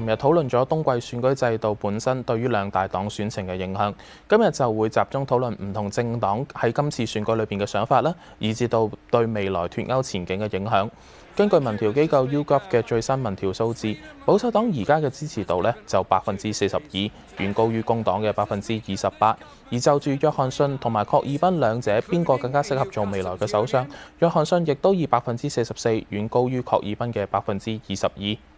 琴日討論咗冬季選舉制度本身對於兩大黨選情嘅影響。今日就會集中討論唔同政黨喺今次選舉裏邊嘅想法啦，以至到對未來脫歐前景嘅影響。根據民調機構 YouGov 嘅最新民調數字，保守黨而家嘅支持度呢就百分之四十二，遠高於工黨嘅百分之二十八。而就住約翰遜同埋確爾賓兩者邊個更加適合做未來嘅首相，約翰遜亦都以百分之四十四遠高於確爾賓嘅百分之二十二。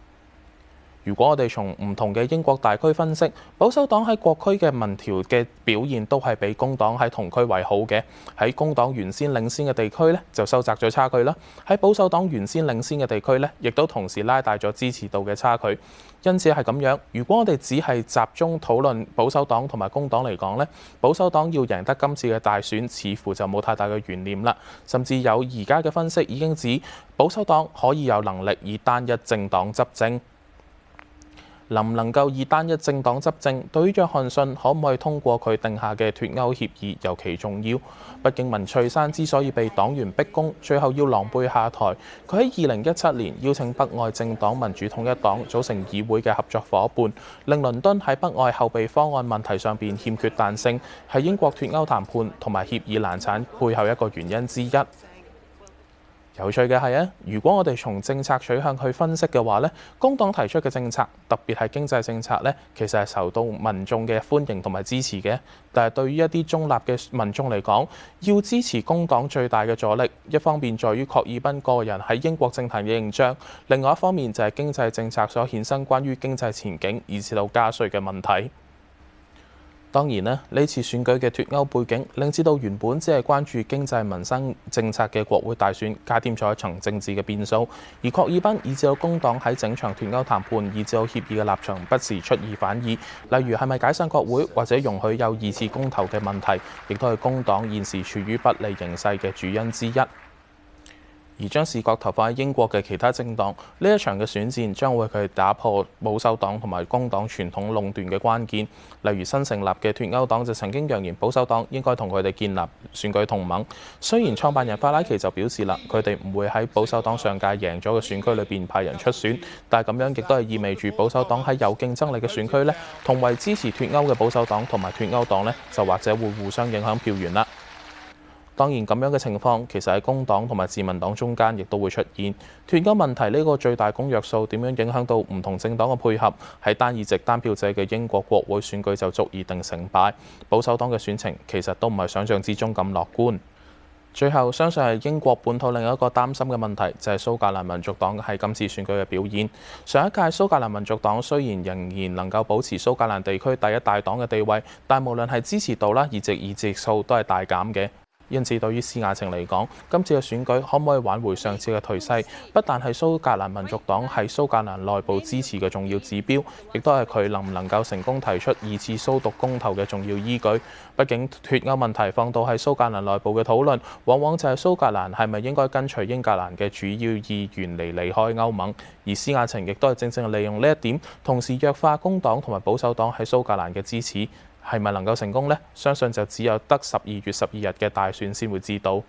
如果我哋從唔同嘅英國大區分析，保守黨喺各區嘅民調嘅表現都係比工黨喺同區為好嘅。喺工黨原先領先嘅地區呢，就收窄咗差距啦。喺保守黨原先領先嘅地區呢，亦都同時拉大咗支持度嘅差距。因此係咁樣，如果我哋只係集中討論保守黨同埋工黨嚟講呢，保守黨要贏得今次嘅大選，似乎就冇太大嘅懸念啦。甚至有而家嘅分析已經指保守黨可以有能力以單一政黨執政。能唔能夠以單一政黨執政，對於約翰遜可唔可以通過佢定下嘅脫歐協議尤其重要。畢竟文翠珊之所以被黨員逼宮，最後要狼狽下台，佢喺二零一七年邀請北愛政黨民主統一黨組成議會嘅合作伙伴，令倫敦喺北愛後備方案問題上邊欠缺彈性，係英國脫歐談判同埋協議難產背後一個原因之一。有趣嘅係啊，如果我哋從政策取向去分析嘅話，咧，工黨提出嘅政策，特別係經濟政策咧，其實，係受到民眾嘅歡迎同埋支持嘅。但係對於一啲中立嘅民眾嚟講，要支持工黨最大嘅阻力，一方面在於確爾賓個人喺英國政壇嘅形象，另外一方面就係經濟政策所衍生關於經濟前景以至到加稅嘅問題。當然，呢次選舉嘅脱歐背景，令至到原本只係關注經濟民生政策嘅國會大選，加添咗一層政治嘅變數。而確爾賓以至到工黨喺整場脱歐談判以至到協議嘅立場，不時出爾反爾，例如係咪解散國會或者容許有二次公投嘅問題，亦都係工黨現時處於不利形勢嘅主因之一。而將視角投放喺英國嘅其他政黨，呢一場嘅選戰將會佢打破保守黨同埋工黨傳統壟斷嘅關鍵。例如新成立嘅脱歐黨就曾經揚言保守黨應該同佢哋建立選舉同盟。雖然創辦人法拉奇就表示啦，佢哋唔會喺保守黨上屆贏咗嘅選區裏邊派人出選，但係咁樣亦都係意味住保守黨喺有競爭力嘅選區呢，同為支持脱歐嘅保守黨同埋脱歐黨呢，就或者會互相影響票源啦。當然，咁樣嘅情況其實喺工黨同埋自民黨中間亦都會出現。脱歐問題呢個最大公約數點樣影響到唔同政黨嘅配合，喺單議席單票制嘅英國國會選舉就足以定成敗。保守黨嘅選情其實都唔係想象之中咁樂觀。最後，相信係英國本土另一個擔心嘅問題，就係蘇格蘭民族黨喺今次選舉嘅表現。上一屆蘇格蘭民族黨雖然仍然能夠保持蘇格蘭地區第一大黨嘅地位，但無論係支持度啦、議席、議席數都係大減嘅。因此，對於施雅晴嚟講，今次嘅選舉可唔可以挽回上次嘅頹勢，不但係蘇格蘭民族黨喺蘇格蘭內部支持嘅重要指標，亦都係佢能唔能夠成功提出二次蘇獨公投嘅重要依據。畢竟脱歐問題放到喺蘇格蘭內部嘅討論，往往就係蘇格蘭係咪應該跟隨英格蘭嘅主要意願嚟離開歐盟。而施雅晴亦都係正正利用呢一點，同時弱化工黨同埋保守黨喺蘇格蘭嘅支持。係咪能夠成功呢？相信就只有得十二月十二日嘅大選先會知道。